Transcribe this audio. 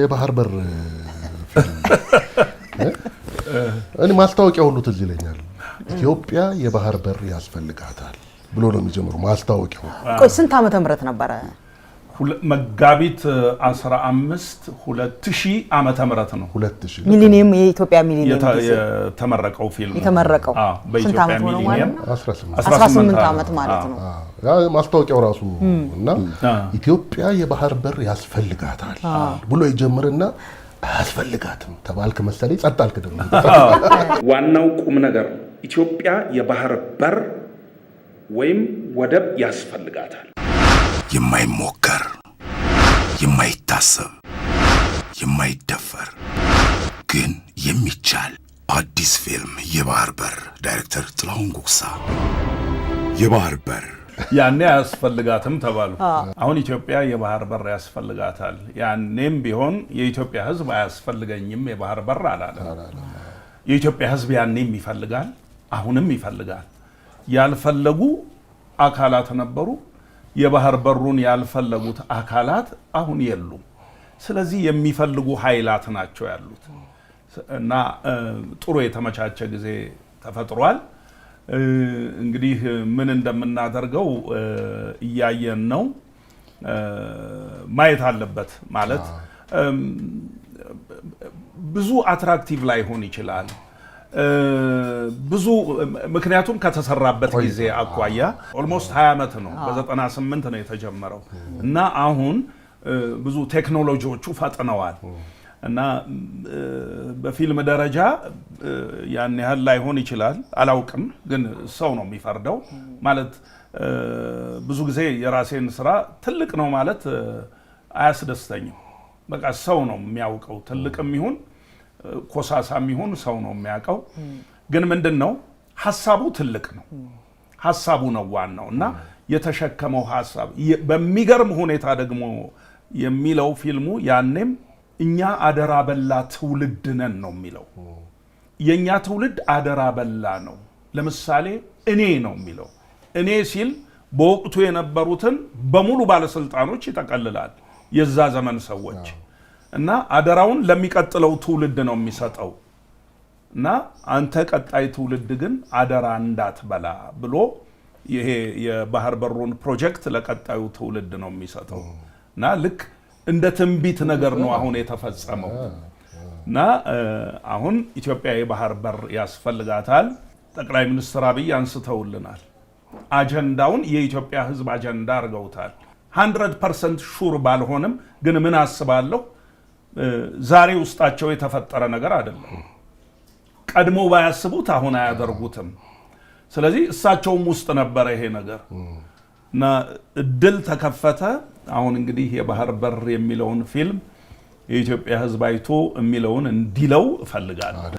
የባህር በር እኔ ማስታወቂያ ሁሉ ትዝ ይለኛል። ኢትዮጵያ የባህር በር ያስፈልጋታል ብሎ ነው የሚጀምሩ ማስታወቂያ ቆይ ስንት ዓመተ ምህረት ነበረ? መጋቢት 15 2000 ዓመተ ምህረት ነው። ሚሊኒየም የኢትዮጵያ ሚሊኒየም የተመረቀው ፊልም የተመረቀው በኢትዮጵያ ሚሊኒየም 18 ዓመት ማለት ነው። ማስታወቂያው ራሱ እና ኢትዮጵያ የባህር በር ያስፈልጋታል ብሎ ይጀምርና አያስፈልጋትም ተባልክ መሰለኝ፣ ጸጥ አልክ። ደግሞ ዋናው ቁም ነገር ኢትዮጵያ የባህር በር ወይም ወደብ ያስፈልጋታል። የማይሞከር የማይታሰብ የማይደፈር ግን የሚቻል አዲስ ፊልም የባህር በር ዳይሬክተር ጥላሁን ጉግሳ የባህር በር ያኔ አያስፈልጋትም ተባሉ። አሁን ኢትዮጵያ የባህር በር ያስፈልጋታል። ያኔም ቢሆን የኢትዮጵያ ሕዝብ አያስፈልገኝም የባህር በር አላለም። የኢትዮጵያ ሕዝብ ያኔም ይፈልጋል፣ አሁንም ይፈልጋል። ያልፈለጉ አካላት ነበሩ። የባህር በሩን ያልፈለጉት አካላት አሁን የሉም። ስለዚህ የሚፈልጉ ኃይላት ናቸው ያሉት እና ጥሩ የተመቻቸ ጊዜ ተፈጥሯል። እንግዲህ ምን እንደምናደርገው እያየን ነው። ማየት አለበት ማለት ብዙ አትራክቲቭ ላይሆን ይችላል ብዙ ምክንያቱም ከተሰራበት ጊዜ አኳያ ኦልሞስት 20 ዓመት ነው። በ98 ነው የተጀመረው እና አሁን ብዙ ቴክኖሎጂዎቹ ፈጥነዋል። እና በፊልም ደረጃ ያን ያህል ላይሆን ይችላል፣ አላውቅም። ግን ሰው ነው የሚፈርደው። ማለት ብዙ ጊዜ የራሴን ስራ ትልቅ ነው ማለት አያስደስተኝም። በቃ ሰው ነው የሚያውቀው፣ ትልቅም ይሁን ኮሳሳም ይሁን ሰው ነው የሚያውቀው። ግን ምንድን ነው ሀሳቡ ትልቅ ነው፣ ሀሳቡ ነው ዋናው እና የተሸከመው ሀሳብ በሚገርም ሁኔታ ደግሞ የሚለው ፊልሙ ያኔም እኛ አደራ በላ ትውልድ ነን ነው የሚለው። የእኛ ትውልድ አደራ በላ ነው። ለምሳሌ እኔ ነው የሚለው። እኔ ሲል በወቅቱ የነበሩትን በሙሉ ባለስልጣኖች ይጠቀልላል። የዛ ዘመን ሰዎች እና አደራውን ለሚቀጥለው ትውልድ ነው የሚሰጠው እና አንተ ቀጣይ ትውልድ ግን አደራ እንዳትበላ ብሎ ይሄ የባህር በሩን ፕሮጀክት ለቀጣዩ ትውልድ ነው የሚሰጠው እና ልክ እንደ ትንቢት ነገር ነው አሁን የተፈጸመው እና አሁን ኢትዮጵያ የባህር በር ያስፈልጋታል። ጠቅላይ ሚኒስትር አብይ አንስተውልናል። አጀንዳውን የኢትዮጵያ ሕዝብ አጀንዳ አድርገውታል። 100 ፐርሰንት ሹር ባልሆንም ግን ምን አስባለሁ ዛሬ ውስጣቸው የተፈጠረ ነገር አይደለም። ቀድሞ ባያስቡት አሁን አያደርጉትም። ስለዚህ እሳቸውም ውስጥ ነበረ ይሄ ነገር እና እድል ተከፈተ። አሁን እንግዲህ የባህር በር የሚለውን ፊልም የኢትዮጵያ ሕዝብ አይቶ የሚለውን እንዲለው እፈልጋለሁ።